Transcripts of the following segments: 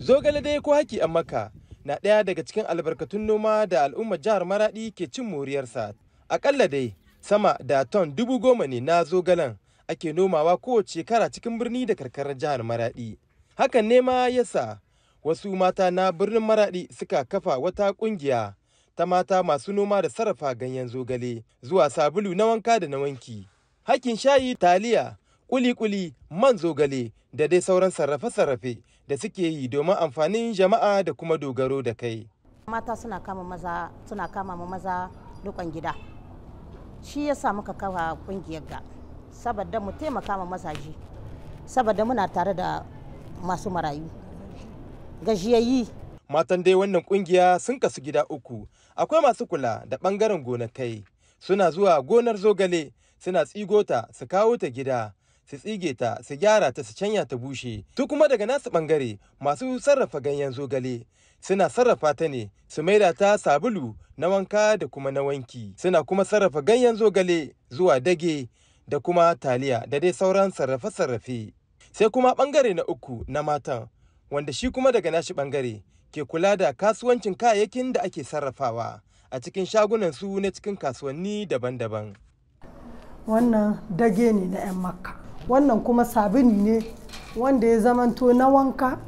Zogale dai ko haki a maka na ɗaya daga cikin albarkatun noma da al'ummar jihar Maraɗi ke cin moriyarsa. Akalla dai sama da ton dubu goma ne na zogalen ake nomawa kowace shekara cikin birni da karkarar jihar Maraɗi. Hakan ne ma yasa wasu mata na birnin Maraɗi suka kafa wata ƙungiya ta mata masu noma da sarrafa ganyen zogale zuwa sabulu na wanka da na wanki. Hakin shayi taliya, kuli-kuli, man zogale da dai sauran sarrafe-sarrafe da suke yi domin amfanin jama'a da kuma dogaro da kai. Mata suna kama maza suna kama ma maza dukan gida. Shi ya sa muka kawa kungiyar ga saboda mu taimaka ma mazaje saboda muna tare da masu marayu. Gajiyayi matan dai wannan kungiya sun kasu gida uku akwai masu kula da bangaren gonakai suna zuwa gonar zogale suna tsigota su kawo ta gida su tsige ta su gyara ta su canya ta bushe to kuma daga nasu bangare masu sarrafa ganyen zogale suna sarrafa ta ne su maida ta sabulu na wanka da kuma na wanki suna kuma sarrafa ganyen zogale zuwa dage da kuma taliya da dai sauran sarrafe-sarrafe sai kuma bangare na uku na matan wanda shi kuma daga nashi bangare ke kula da kasuwancin kayayyakin da ake sarrafawa a cikin shagunan su na cikin kasuwanni daban-daban wannan dage ne na 'yan makka wannan kuma sabini ne wanda ya zamanto na wanka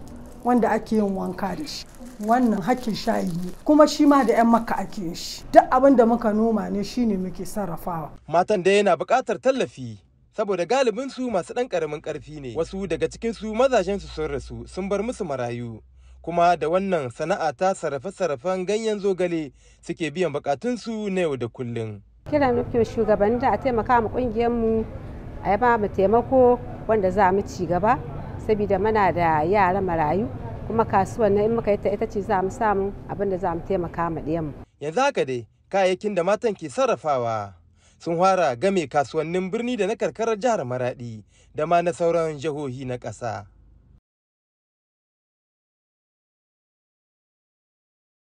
wanda ake yin wanka da shi wannan hakkin shayi ne kuma shi ma da 'yan maka ake yin shi duk abin da muka noma ne shine muke sarrafawa matan da yana buƙatar tallafi saboda galibin su masu ɗan ƙaramin ƙarfi ne wasu daga cikin su mazajen su sun rasu sun bar musu marayu kuma da wannan sana'a ta sarrafe-sarrafen ganyen zogale suke biyan bukatun su na yau da kullun. Kira muke shugabanni da a taimaka mu kungiyar mu a ba mu taimako wanda za mu ci gaba saboda muna da yara marayu kuma kasuwan nan in muka yi ta ita ce za mu samu abin da za mu taimaka ma mu yanzu haka dai kayayyakin da matan ke sarrafawa sun fara game kasuwannin birni da na karkarar jihar maraɗi da ma na sauran jihohi na ƙasa.